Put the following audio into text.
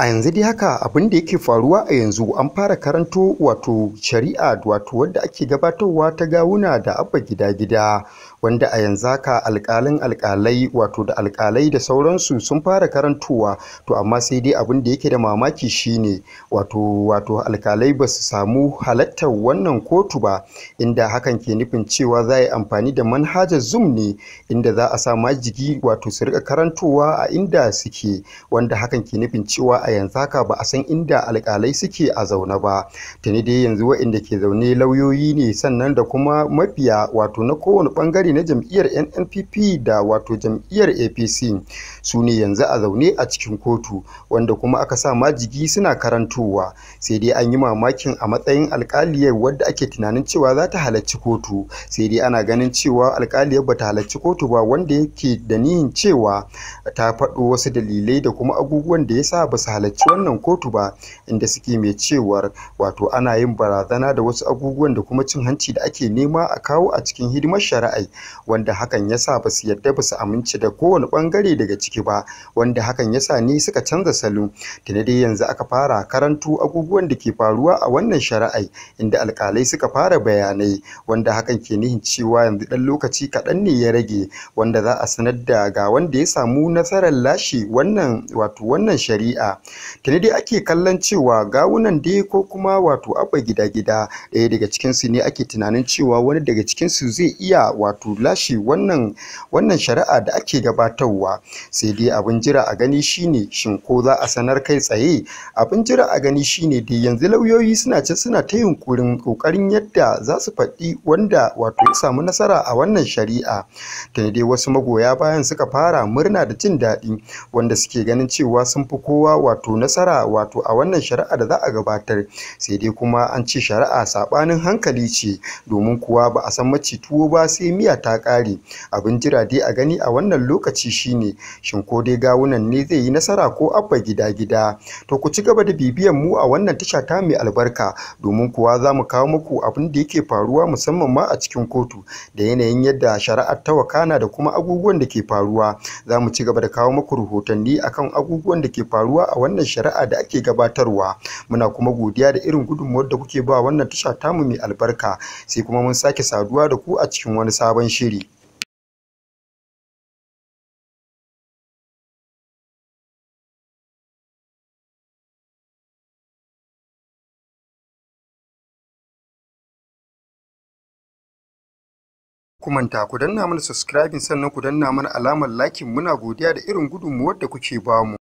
a yanzu dai haka abin da yake faruwa a yanzu an fara karanto wato shari'a wato wadda ake gabatarwa ta gawuna da abba gida gida wanda a yanzu haka alƙalin alƙalai wato da alƙalai da sauransu sun fara karantowa to amma sai dai abin da yake da mamaki shine wato wato alƙalai ba su samu halattar wannan kotu ba inda hakan ke nufin cewa za a yi amfani da manhajar zoom ne inda za a sa majigi wato su rika karantowa a inda suke wanda hakan ke nufin cewa a yanzu haka ba a san inda alƙalai suke a zaune ba tuni dai yanzu waɗanda ke zaune lauyoyi ne sannan da kuma mafiya wato na kowane ɓangare na jam'iyyar nnpp da wato jam'iyyar apc su ne yanzu a zaune a cikin kotu wanda kuma aka sa majigi suna karantowa sai dai an yi mamakin a matsayin alƙaliyar wadda ake tunanin cewa za ta halarci kotu sai dai ana ganin cewa alƙaliyar ba ta halarci kotu ba wanda yake da niyin cewa ta faɗo wasu dalilai da kuma abubuwan da ya sa ba su halarci wannan kotu ba inda suke mai cewar wato ana yin barazana da wasu abubuwan da kuma cin hanci da ake nema a kawo a cikin hidimar shari'a wanda hakan ya sa ba su yarda ba su aminci da kowane bangare daga ciki ba wanda hakan ya sa ne suka canza salo na dai yanzu aka fara karantu abubuwan da ke faruwa a wannan shari'ai inda alkalai suka fara bayanai wanda hakan ke nihin cewa yanzu dan lokaci kaɗan ne ya rage wanda za a sanar da ga wanda ya samu nasarar lashe wannan wato wannan shari'a Tene dai ake kallon cewa gawunan dai ko kuma wato abba gida gida ɗaya daga cikinsu ne ake tunanin cewa wani daga cikinsu zai iya wato lashe wannan wannan shari'a da ake gabatarwa sai dai abin jira a gani shine shin ko za a sanar kai tsaye abin jira a gani shine dai yanzu lauyoyi suna ce suna ta yunkurin kokarin yadda za su faɗi wanda wato ya samu nasara a wannan shari'a tene dai wasu magoya bayan suka fara murna da jin daɗi wanda suke ganin cewa sun fi kowa wato nasara wato a wannan shari'a da za a gabatar sai dai kuma an ce shari'a saɓanin hankali ce domin kuwa ba a san maci tuwo ba sai miya ta ƙare abin jira dai a gani a wannan lokaci shine shin ko dai gawunan ne zai yi nasara ko abba gida gida to ku ci gaba da bibiyan mu a wannan tasha ta mai albarka domin kuwa za mu kawo muku abin da yake faruwa musamman ma a cikin kotu da yanayin yadda shari'ar ta wakana da kuma abubuwan da ke faruwa za mu ci gaba da kawo muku rahotanni akan abubuwan da ke faruwa a wannan shari'a da ake gabatarwa muna kuma godiya da irin gudunmuwar da kuke ba wannan tasha tamu mai albarka sai kuma mun sake saduwa da ku a cikin wani sabon shiri kumanta ku danna mana subscribing sannan ku danna mana alamar lakin muna godiya da irin gudunmuwar da kuke bamu